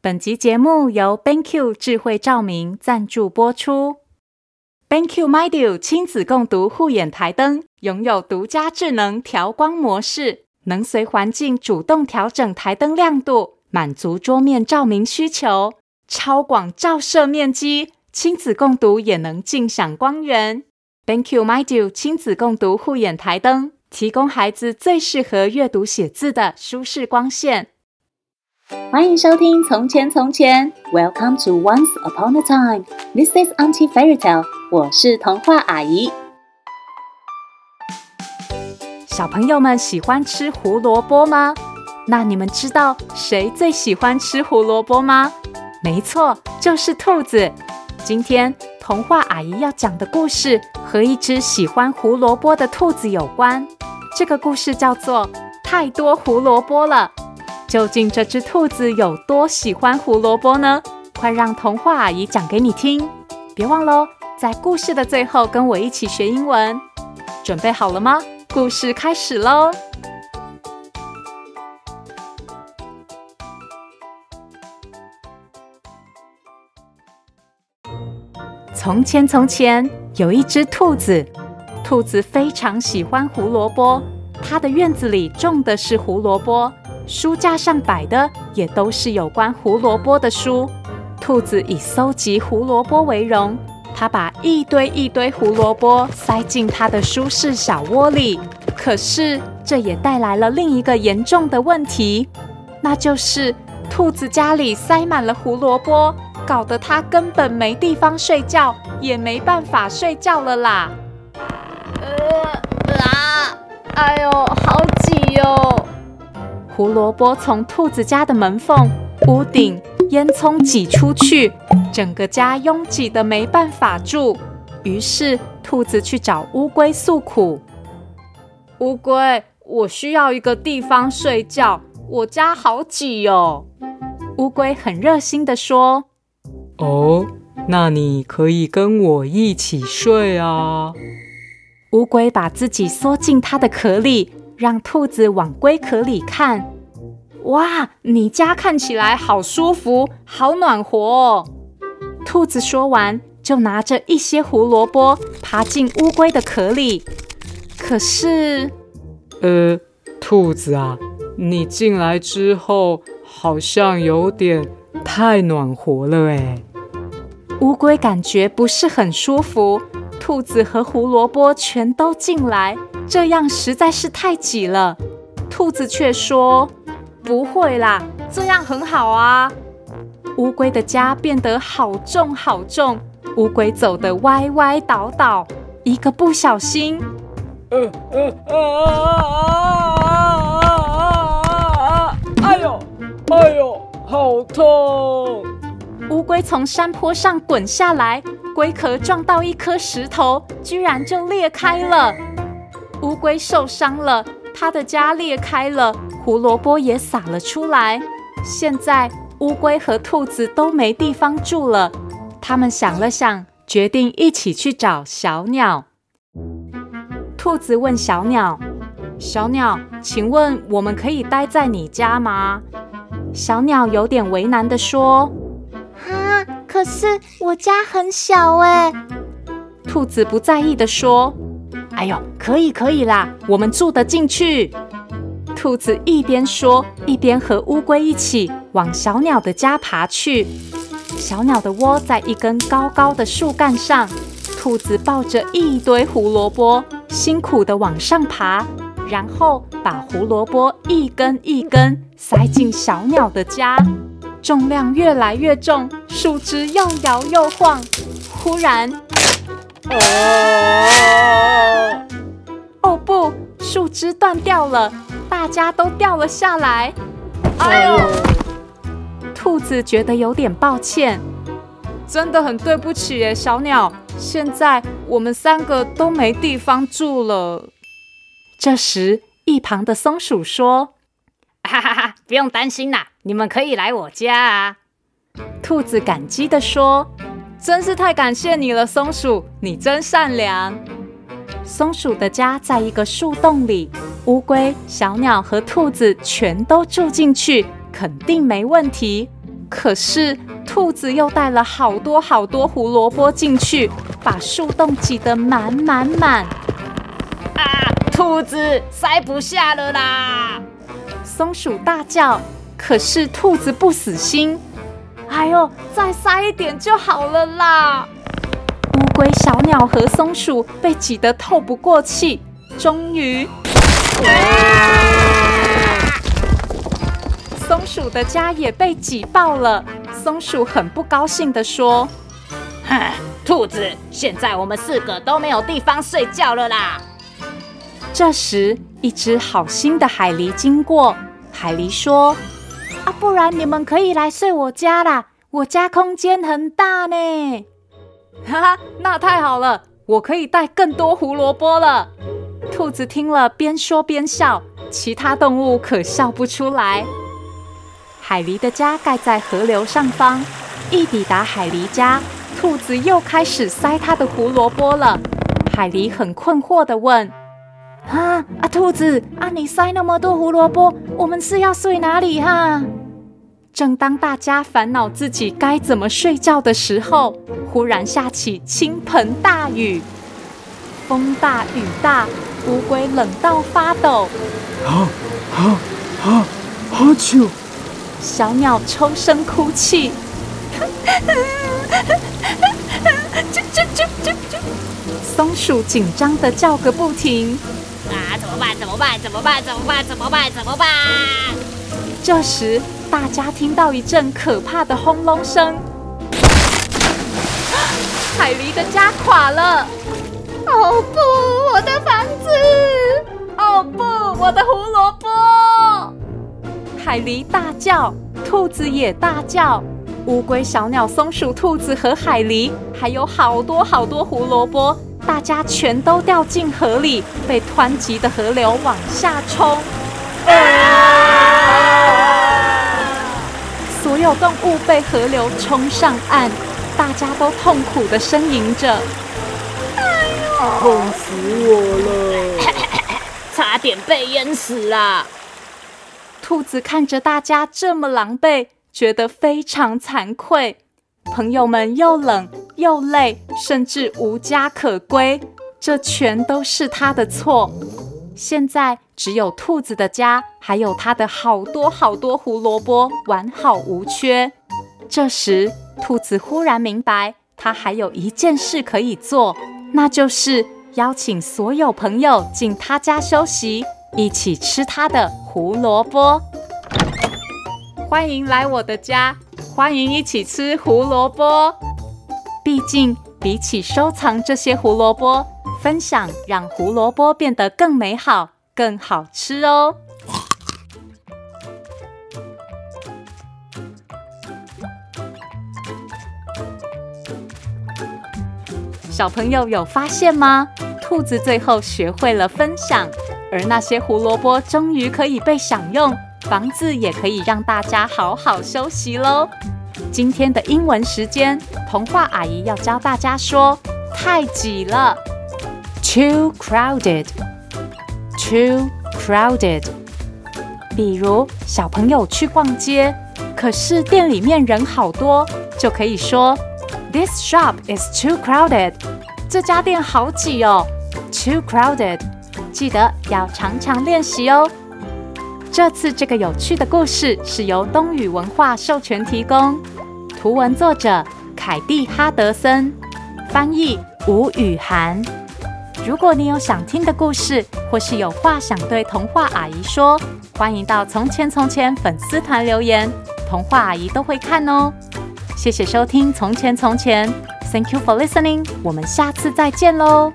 本集節目由 BenQ 智慧照明贊助播出。BenQ MindDuo 親子共讀護眼檯燈擁有獨家智能調光模式，能隨環境主動調整檯燈亮度，滿足桌面照明需求。超廣照射面積，親子共讀也能盡享光源。BenQ MindDuo 親子共讀護眼檯燈提供孩子最適合閱讀寫字的舒適光線。歡迎收聽《從前從前》，Welcome to Once Upon a Time。This is Auntie Fairy Tale。我是童話阿姨。小朋友們喜歡吃胡蘿蔔嗎？那你們知道誰最喜歡吃胡蘿蔔嗎？沒錯，就是兔子。今天童話阿姨要講的故事和一只喜歡胡蘿蔔的兔子有關。這個故事叫做《太多胡蘿蔔了》。究竟這隻兔子有多喜歡胡蘿蔔呢？快讓童話阿姨講給你聽！別忘嘍，在故事的最後跟我一起學英文。準備好了嗎？故事開始嘍！從前，從前有一隻兔子，兔子非常喜歡胡蘿蔔，它的院子裡種的是胡蘿蔔。書架上擺的也都是有關胡蘿蔔的書。兔子以搜集胡蘿蔔為榮，他把一堆一堆胡蘿蔔塞進他的舒適小窩裡。可是，這也帶來了另一個嚴重的問題，那就是兔子家裡塞滿了胡蘿蔔，搞得他根本沒地方睡覺，也沒辦法睡覺了啦！呃啊，哎呦，好擠喲！胡蘿蔔從兔子家的門縫、屋頂、煙囪擠出去，整個家擁擠得沒辦法住。於是，兔子去找烏龜訴苦：“烏龜，我需要一個地方睡覺，我家好擠哦！”烏龜很熱心的說：“哦，那你可以跟我一起睡啊。”烏龜把自己縮進它的殼裡。讓兔子往龜殼裡看，哇，你家看起來好舒服，好暖和哦。兔子說完，就拿着一些胡蘿蔔爬進烏龜的殼裡。可是，呃，兔子啊，你進來之後好像有點太暖和了哎。烏龜感覺不是很舒服。兔子和胡蘿蔔全都進來，這樣實在是太擠了。兔子卻說：“不會啦，這樣很好啊。”烏龜的家變得好重好重，烏龜走得歪歪倒倒，一個不小心，呃呃啊啊啊啊啊啊，啊，啊，啊！哎呦哎呦，好痛！烏龜從山坡上滾下來。龜殼撞到一顆石頭，居然就裂開了。烏龜受傷了，它的家裂開了，胡蘿蔔也灑了出來。現在烏龜和兔子都沒地方住了，它們想了想，決定一起去找小鳥。兔子問小鳥：“小鳥，請問我們可以待在你家嗎？”小鳥有點為難的說。可是我家很小哎、欸，兔子不在意的說：“哎呦，可以可以啦，我們住得進去。”兔子一邊說，一邊和烏龜一起往小鳥的家爬去。小鳥的窩在一根高高的樹幹上，兔子抱着一堆胡蘿蔔，辛苦地往上爬，然後把胡蘿蔔一根一根塞進小鳥的家。重量越來越重，樹枝又搖又晃。忽然，哦，哦不，樹枝斷掉了，大家都掉了下來。哎呦！哦、兔子覺得有點抱歉，真的很對不起誒，小鳥。現在我們三個都沒地方住了。這時，一旁的松鼠說：“哈哈哈。”不用擔心啦，你們可以來我家啊！兔子感激地說：“真是太感謝你了，松鼠，你真善良。”松鼠的家在一個樹洞裡，烏龜、小鳥和兔子全都住進去，肯定沒問題。可是兔子又帶了好多好多胡蘿蔔進去，把樹洞擠得滿滿滿。啊，兔子塞不下了啦！松鼠大叫，可是兔子不死心。哎呦，再塞一點就好了啦！烏龜、小鳥和松鼠被擠得透不過氣，終於，啊！松鼠的家也被擠爆了。松鼠很不高興地說：“哼，啊，兔子，現在我們四個都沒有地方睡覺了啦！”這時，一只好心的海狸經過。海狸說：“啊，不然你們可以來睡我家啦，我家空間很大呢。”哈哈，那太好了，我可以帶更多胡蘿蔔了。兔子聽了，邊說邊笑，其他動物可笑不出來。海狸的家蓋在河流上方，一抵達海狸家，兔子又開始塞他的胡蘿蔔了。海狸很困惑地問。啊，兔子，啊你塞那麼多胡蘿蔔，我們是要睡哪裡哈、啊？正當大家煩惱自己該怎麼睡覺的時候，忽然下起傾盆大雨，風大雨大，烏龜冷到發抖，啊啊啊啊！雷小鳥抽聲哭泣，哈哈哈哈哈！松鼠緊張的叫個不停。怎麼辦？怎麼辦？怎麼辦？怎麼辦？怎麼辦？這時，大家聽到一陣可怕的轟隆聲， 海狸的家垮了。哦、oh, 不，我的房子！哦、oh, 不，我的胡蘿蔔！海狸大叫，兔子也大叫。烏龜、小鳥、松鼠、兔子和海狸，還有好多好多胡蘿蔔。大家全都掉進河裡，被湍急的河流往下衝。啊！所有動物被河流衝上岸，大家都痛苦的呻吟着。哎呦，痛死我了！ 差點被淹死了。兔子看着大家這麼狼狽，覺得非常慚愧。朋友們又冷又累，甚至無家可歸，這全都是他的錯。現在只有兔子的家，還有他的好多好多胡蘿蔔完好無缺。這時，兔子忽然明白，他還有一件事可以做，那就是邀請所有朋友進他家休息，一起吃他的胡蘿蔔。歡迎來我的家。歡迎一起吃胡蘿蔔。畢竟，比起收藏這些胡蘿蔔，分享讓胡蘿蔔變得更美好、更好吃哦。哇小朋友有發現嗎？兔子最後學會了分享，而那些胡蘿蔔終於可以被享用。房子也可以讓大家好好休息嘍。今天的英文時間，童話阿姨要教大家說“太擠了 ”，too crowded，too crowded。Crowded. 比如小朋友去逛街，可是店裡面人好多，就可以說：“This shop is too crowded。”這家店好擠哦，too crowded。記得要常常練習哦。這次這個有趣的故事是由東雨文化授權提供，圖文作者凱蒂哈德森，翻譯吳羽涵。如果你有想聽的故事，或是有話想對童話阿姨說，歡迎到《從前從前》粉絲團留言，童話阿姨都會看哦。謝謝收聽《從前從前》，Thank you for listening，我們下次再見嘍。